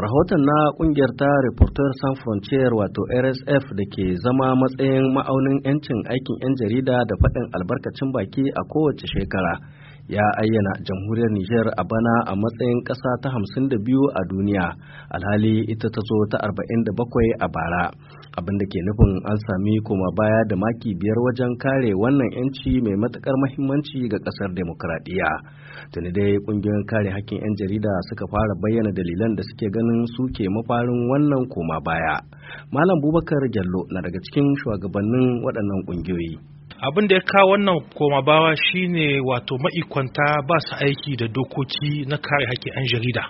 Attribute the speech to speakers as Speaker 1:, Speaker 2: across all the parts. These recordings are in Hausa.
Speaker 1: rahoton na kungiyar ta reporter San frontier wato rsf da ke zama matsayin ma'aunin 'yancin aikin 'yan jarida da faɗin albarkacin baki a kowace shekara ya ayyana jamhuriyar Nijar a bana a matsayin ƙasa ta hamsin da biyu a duniya alhali ita ta zo ta arba'in da bakwai a bara abin da ke nufin an sami koma baya da maki biyar wajen kare wannan yanci mai matukar mahimmanci ga ƙasar demokradiyya tuni dai ƙungiyoyin kare hakkin 'yan jarida suka fara bayyana dalilan da suke ganin suke mafarin wannan koma baya malam bubakar jallo na daga cikin shugabannin waɗannan ƙungiyoyi
Speaker 2: abin da ya kawo wannan koma bawa shine wato ma'ikwanta ba su aiki da dokoki na kare haƙƙi 'yan jarida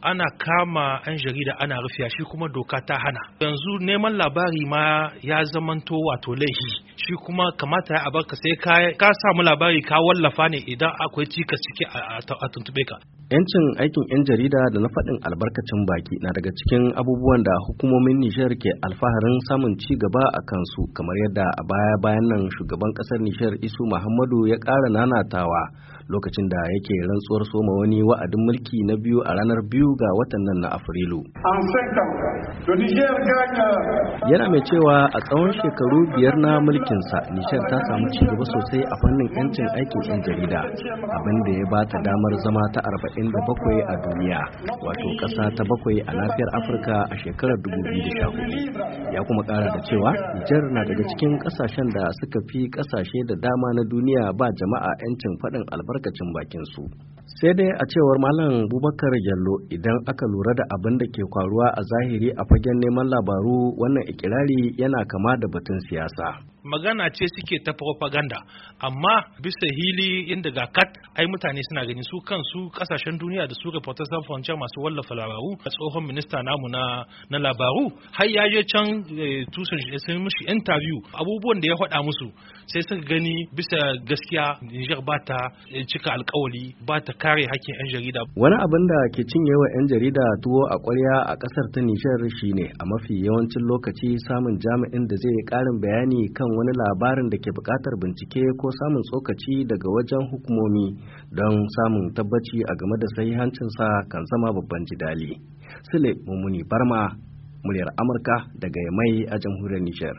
Speaker 2: ana kama 'yan jarida ana rufiya shi kuma doka ta hana yanzu neman labari ma ya zamanto wato laifi shi kuma kamata ya abarka sai ka samu labari ka wallafa ne idan akwai cikas ciki a tuntube ka
Speaker 1: Yancin aikin 'yan jarida da na faɗin albarkacin baki na daga cikin abubuwan da hukumomin Nijar ke alfaharin samun ci gaba a kansu kamar yadda a baya bayan nan shugaban ƙasar Nijar Isu Muhammadu ya ƙara nanatawa lokacin da yake rantsuwar soma wani wa'adin mulki na biyu a ranar biyu ga watan nan na Afrilu. Yana mai cewa a tsawon shekaru biyar na mulkinsa Nijar ta samu ci gaba sosai a fannin 'yancin aikin 'yan jarida abinda ya ba ta damar zama ta arba'in bakwai a duniya wato ƙasa ta bakwai a lafiyar afirka a shekarar 2014 ya kuma ƙara da cewa jar na daga cikin ƙasashen da suka fi ƙasashe da dama na duniya ba jama'a 'yancin faɗin albarkacin bakin su sai dai a cewar malam bubakar yallo idan aka lura da abin da ke kwaruwa a zahiri a fagen neman labaru wannan ikirari yana kama da batun siyasa
Speaker 2: magana ce suke ta propaganda amma bisa hili inda ga kat ai mutane suna gani su kansu kasashen duniya da su reporters sans masu wallafa labaru tsohon minista namu na na labaru har ya je can eh, tusun sun mishi interview abubuwan da ya faɗa musu sai suka gani bisa gaskiya Niger ba ta eh, cika alkawali ba ta kare hakkin yan jarida
Speaker 1: wani abin da ke cinyewa yan jarida tuwo a ƙwarya a kasar ta Niger shine a mafi yawancin lokaci samun jami'in da zai karin bayani kan wani labarin da ke buƙatar bincike ko samun tsokaci daga wajen hukumomi don samun tabbaci a game da sahihancinsa kan zama babban jidali. Sule Mummuni Barma, muryar Amurka daga Yamai a jamhuriyar Nijar.